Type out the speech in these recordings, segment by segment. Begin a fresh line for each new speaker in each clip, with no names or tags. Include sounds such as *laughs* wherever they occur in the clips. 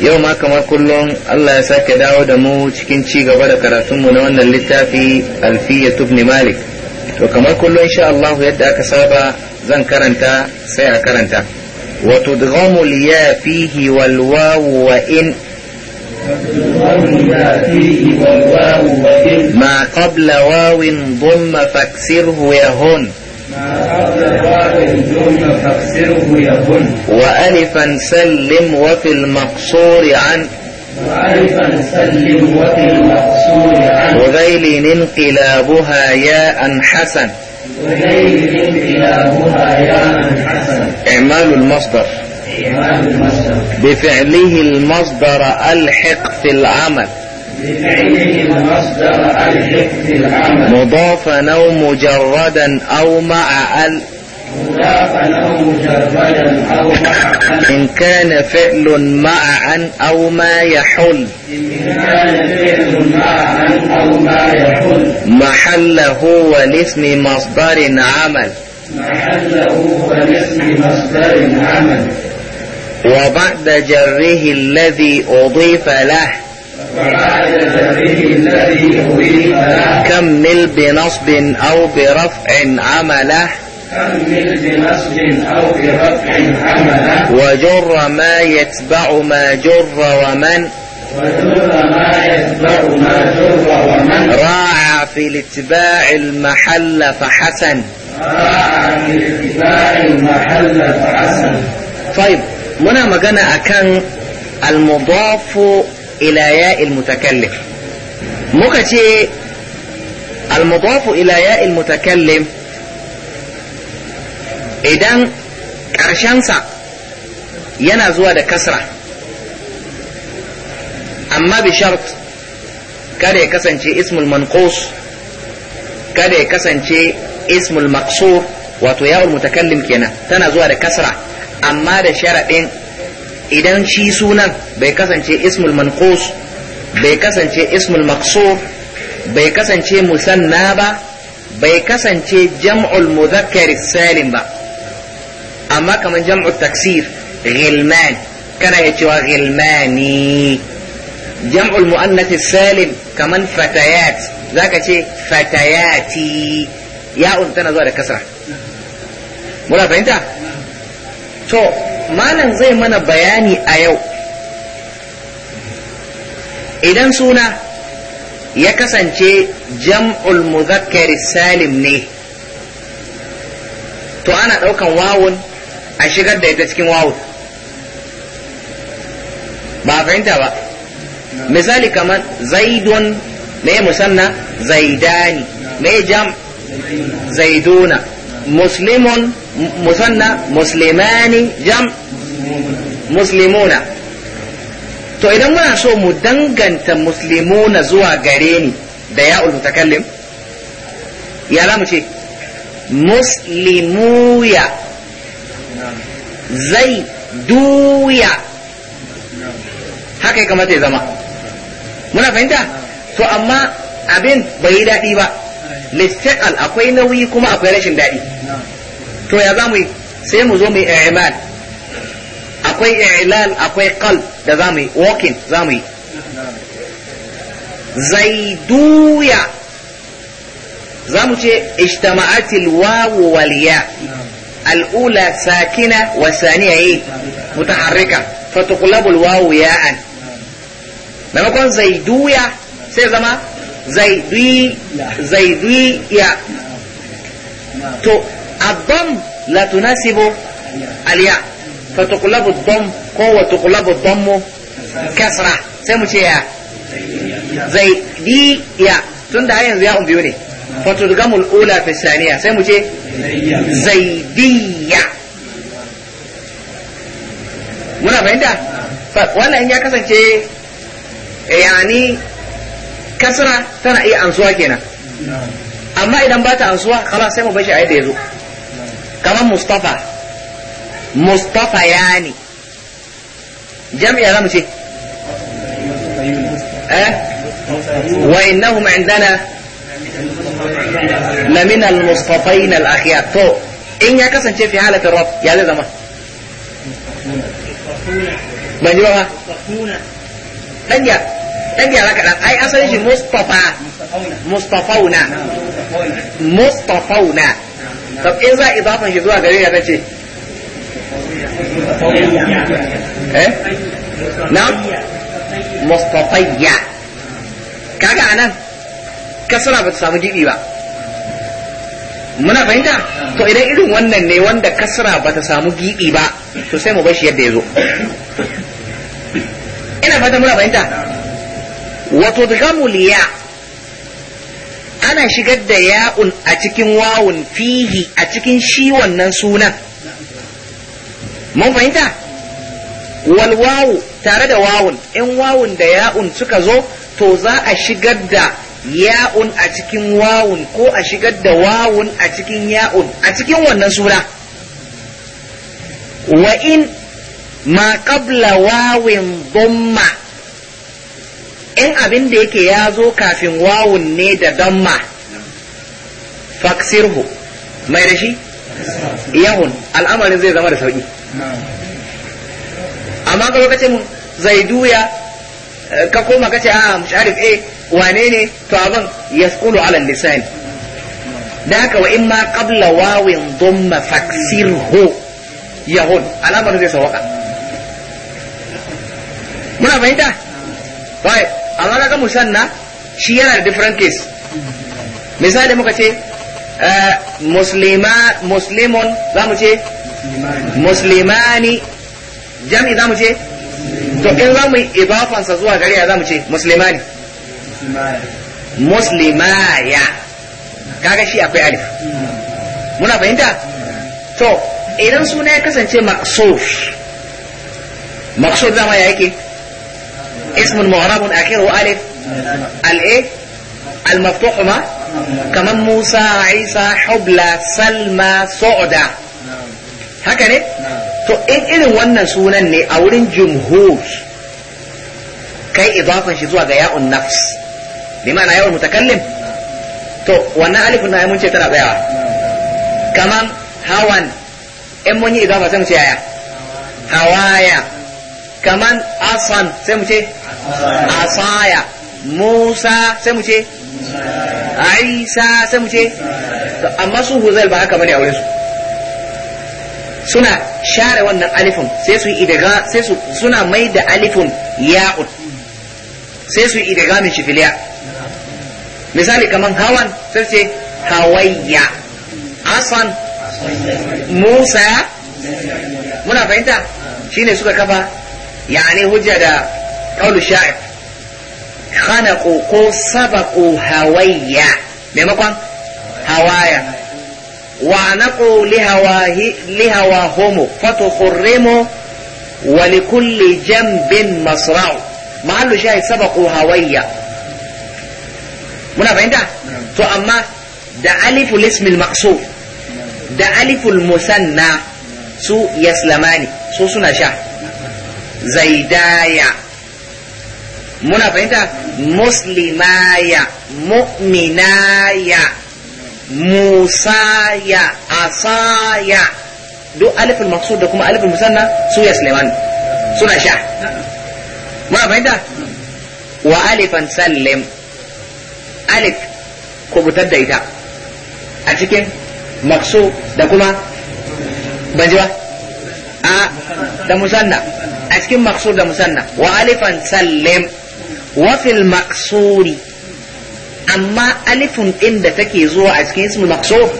yau ma kamar kullum Allah ya sake dawo da mu cikin ci gaba da karatunmu na wannan littafi alfiya tubni malik to kamar kullum insha Allah yadda aka saba zan karanta sai a karanta wa tudghamu ya fihi wal wawu wa in qabla wawin واو ضم فاكسره يهون وألفا سلم وفي المقصور عن وألفا سلم وفي المقصور عن وذيل انقلابها ياء حسن وذيل انقلابها ياء حسن إعمال المصدر إعمال المصدر بفعله المصدر ألحق في العمل مضاف مصدر أو مجردا أو مع ال مضافا مجردا أو مع إن كان فعل معا أو ما يحل إن كان فعل معا أو ما يحل محله هو مصدر عمل محله مصدر عمل وبعد جره الذي أضيف له كمل بنصب أو برفع عمله كمل بنصب أو برفع عمله وجر ما يتبع ما جر ومن وجر ما يتبع ما جر ومن راعى في الاتباع المحل فحسن راعى في الاتباع المحل فحسن طيب muna magana akan al-mudafu ila ya'il mutakallif muka ce al-mudafu ila ya'il mutakallim idan ƙarshensa yana zuwa da kasra amma bi shart kada ya kasance ismul manqus kada ya kasance ismul maqsur wato ya'ul mutakallim kenan tana zuwa da kasra amma da sharaɗin idan shi sunan bai kasance ismul manqus bai kasance ismul maqsur bai kasance musanna ba bai kasance jam'ul mudhakkar salim ba amma kamar jam'ul taksir ghilman kana ya cewa ghilmani jam'ul muannath salim kaman fatayat zaka ce fatayati ya'un tana zuwa da kasra muna fahimta to malam zai mana bayani a yau idan suna ya kasance jam'ul muzakkari salim ne to ana ɗaukan wawun a shigar da ita cikin wawun ba a fahimta ba misali kamar zaidun me musanna zaidani me jam zaiduna muslimun musanna muslimani jam muslimuna to idan muna so mu danganta muslimuna zuwa gare ni da ya mutakallim ya za mu ce muslimuya zai duya haka ya kamata ya zama muna fahimta to amma abin bai yi daɗi ba littattafal akwai nauyi kuma akwai rashin daɗi to ya za mu yi sai mu zo mu yi akwai i'lal akwai qal da zamu yi walking zamu yi zaiduya zamu ce ijtama'atil wawu wal ya al-ula sakina wa thaniya eh, mutaharrika fatuqlabul wawu ya'an maimakon zaiduya sai zama zaidui zaidui ya to الضم لا تناسب الياء فتقلب الضم قوة تقلب الضم كسرة sai mu ce ya zai di ya tun da har yanzu ya biyu ne fatudgamul ula fi saniya sai mu ce zaidiya muna fahimta wannan ya kasance yani kasra tana iya ansuwa kenan amma idan ba ta ansuwa kama sai mu bashi a yadda ya zo kamar Mustapha. Mustapha ya ne Jami'a za mu ce eh? wa innahum indana lamin al-mustafain al-akhyar to in ya kasance fi halatin rab ya zai zama ban ji ba dan ya dan ya kaɗan ai asalin shi mustafa mustafauna mustafauna to in za a idafan shi zuwa gare ya ce eh na mustatayya kaga anan kasra ba ta samu gibi ba muna fahimta to idan irin wannan ne wanda kasra ba ta samu gibi ba to sai mu bashi yadda ya zo ina fata muna fahimta wato da ya ana shigar da ya'un a cikin wawun fihi a cikin shi wannan sunan mun fahimta wal wawu tare da wawun in wawun da ya'un suka zo to za a shigar da ya'un a cikin wawun ko a shigar da wawun a cikin ya'un a cikin wannan sura wa in ma qabla wawin dhamma in abin da yake ya zo kafin wawun ne da damma faksirhu mai da shi iyahun al'amarin zai zama da sauƙi. amma ka lokacin zaiduya eh, ka koma ka ce a musharif eh wane ne to abin yasqulu ala lisan da haka wa in ma qabla wawin dhamma faksirhu yahun al'amarin zai sawaka muna fahimta right amma kaga musanna shi yana da different case misali muka ce Eh, muslima muslimun za mu ce muslimani jami za mu ce to in za mu yi ibafansa zuwa gari ya za mu ce muslimani muslimaya kaga shi akwai alif muna fahimta to idan suna ya kasance maksuf maksuf zama ya yake ismun mu'rabun akiru alif al-a al-maftuhu ma kamar Musa Isa Hubla Salma Sauda haka ne to in irin wannan sunan ne a wurin jumhur kai idafan shi zuwa ga ya'un nafs bi ma'ana ya'un mutakallim to wannan alifin na mun ce tana tsayawa kaman hawan in mun yi idafa sai mu ce yaya hawaya kaman asan sai mu ce asaya musa sai mu ce Ai sa sai mu ce amma su huzail ba haka bane a wurin su suna share wannan alifin sai su idiga sai su suna mai da alifin ya'un sai su idaga min shifiliya misali kaman hawan sai ce hawayya asan musa muna fahimta shine suka kafa yani hujja da kaulu sha'ir خنقوا كو سبقوا hawayya maimakon hawaya وعنقوا لهواه لهواهم فتخرموا ولكل جنب مصرع محل شاهد سبقوا هوية منا فهمت نعم. تو أما ده ألف الاسم المقصود ده ألف المثنى نعم. سو يسلماني سو سنة شاه نعم. زيدايا muna fahimta muslimaya mu'minaya musaya asaya duk alifin maksud da kuma alifin musanna su ya suleiman suna sha muna fahimta wa alifan sallim alif kubutar da ita a cikin maksud da kuma banjiwa a da musanna a cikin maksud da musanna wa alifan sallim wafil maksuri amma alifun ɗin da take zuwa a cikin ismul maksur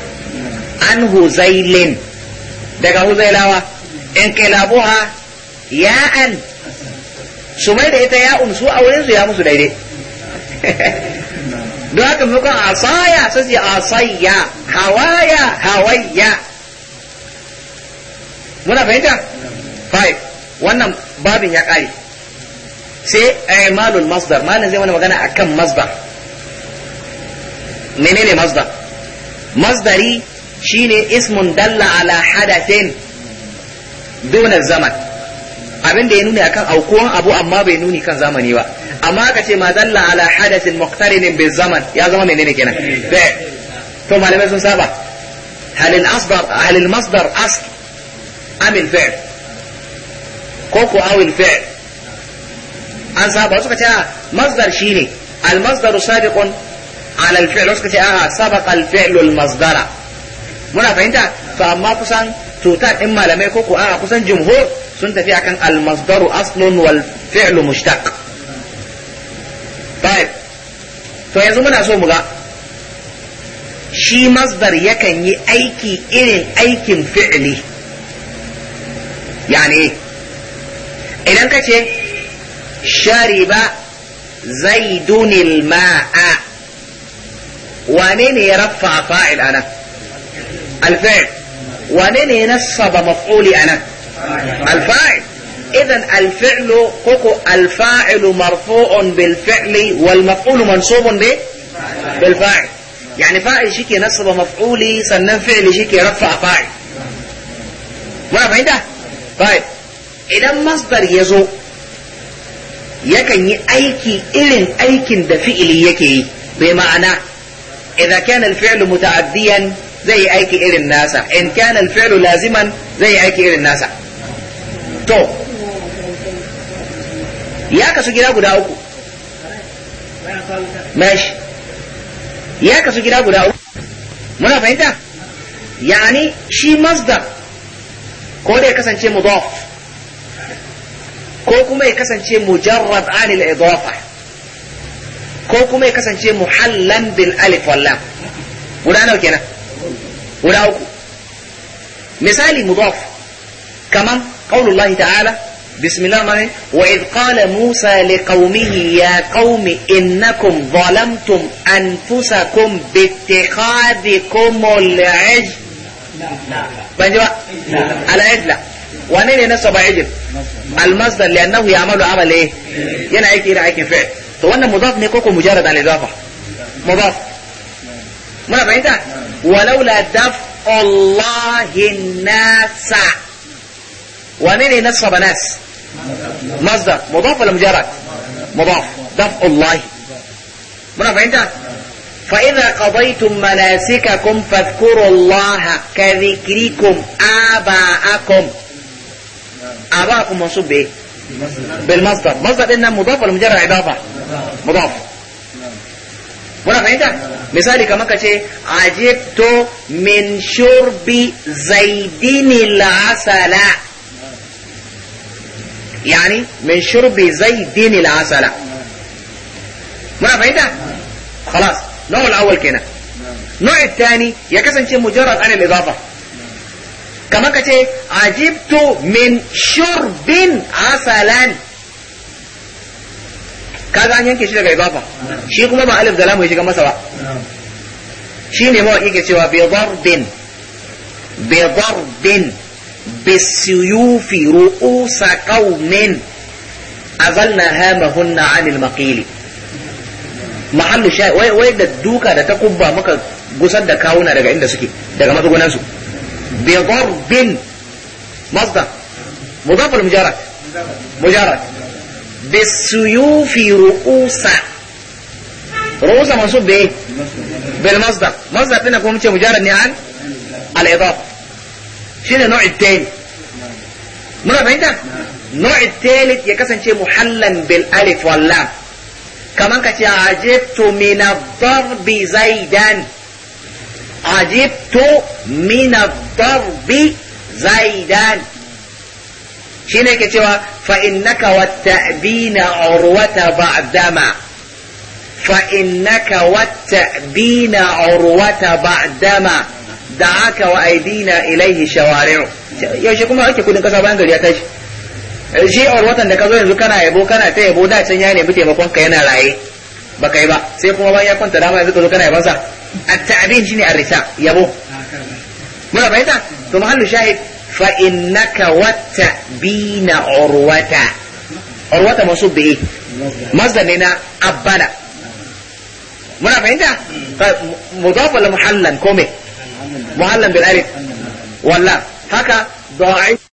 an huzailin daga huzailawa in kilabuha ya'an su da ita ya'un su auren su ya musu daidai *laughs* don haka maimakon asaya sai su asayya hawaya muna fahimta? 5 wannan babin ya ƙare sai i'malul eh, masdar malam zai wani magana akan masdar menene masdar masdari shine ismun dalla ala hadathin duna zaman abin da ya nuni akan aukuwan abu amma bai nuni kan zamani ba amma ka ce ma dalla ala hadathin muqtarinin bil zaman ya zama menene kenan to malamai sun saba halil asdar halil masdar asl am al fi'l ko ko aw al fi'l an saba suka ce masdar shine al masdaru sabiqun ala al fi'l suka ce a sabaqa al fi'l al masdara muna fahimta to amma kusan tutar din malamai ko ko a kusan jumhur sun tafi akan al masdaru aslun wal fi'l mushtaq to yanzu muna so mu ga shi masdar yakan yi aiki irin aikin fi'li yani idan ka ce شرب زيد الماء ومن يرفع فاعل أنا الفعل ومن ينصب مفعولي أنا الفاعل إذا الفعل كوكو الفاعل مرفوع بالفعل والمفعول منصوب به بالفاعل يعني فاعل شيكي ينصب مفعولي سنن فعل شيكي يرفع فاعل ما فهمت إيه طيب إذا مصدر يزوق yakan yi aiki irin aikin da fi'ili yake yi bai ma'ana idza kana al-fi'lu muta'addiyan zai yi aiki irin nasa in kana al-fi'lu laziman zai yi aiki irin nasa to ya kasu gida guda uku mashi ya kasu gida guda uku muna fahimta yani shi mazda ko da ya kasance mudaf ko kuma ya kasance mujarrad anil idafa ko kuma ya kasance muhallan bil alif wal lam guda nawa kenan guda uku misali mudaf kaman qaulullahi ta'ala bismillah ma ya qaumi innakum zalamtum anfusakum biittikhadikum al-ajl ban ji ba al wane ne nasaba idin almasdar li'annahu ya'malu amal eh yana aiki da aikin fi'l to wannan mudaf ne koko mujarrad al idafa mudaf muna fahimta walau la daf Allah nasa wane ne nasaba nas masdar mudaf wala mujarrad مضاف دفع الله منا فهمت فإذا قضيتم مناسككم فاذكروا الله كذكركم آباءكم اعرابكم منصوب بايه بالمصدر مصدر ان مضاف ولا مجرد اضافه مضاف ولا فايده مثالي كما كشي عجبت من شرب زيد العسل يعني من شرب زيد العسل ولا فايده خلاص نوع الاول كده النوع الثاني يكسن شيء مجرد عن الاضافه kama ka ce ajibtu min shurbin asalan kaga an yanke shi daga ibafa shi kuma ba alif da lamu ya shiga masa ba shi ne mawaƙi ke cewa bi darbin bi darbin bi suyufi ru'usa qaumin azalna hamahunna anil maqili mahallu shay wai wai da duka da takubba muka gusar da kawuna daga inda suke daga matsugunan su بضرب مصدر مضاف ولا مجرد مجرد بالسيوف رؤوسا رؤوسا منصوب بايه بالمصدر مصدر قلنا كون مجرد عن الاضافه شنو النوع الثاني muna fahimta nau'i talit ya kasance muhallan bil alif wallam kaman ka ce ajibtu min ad-darbi zaidan ajibtu min ad sarbi zaidan shine ke cewa fa innaka wattabina urwata ba'dama fa innaka wattabina urwata ba'dama da'aka wa aidina ilaihi shawari'u yaushe kuma ake kudin kasa bayan gari ya tashi shi urwatan da ka zo yanzu kana yabo kana ta yabo da can ya nemi taimakonka yana raye baka yi ba sai kuma bayan ya kwanta dama yanzu ka zo kana yabansa at-ta'bin shine ar-risa yabo muna fahimta to mahallu shahid fa innaka watta bina urwata urwata mansub bi masdar ne na abbana muna fahimta mudaf wala muhallan ko me muhallan bil alif walla haka da'if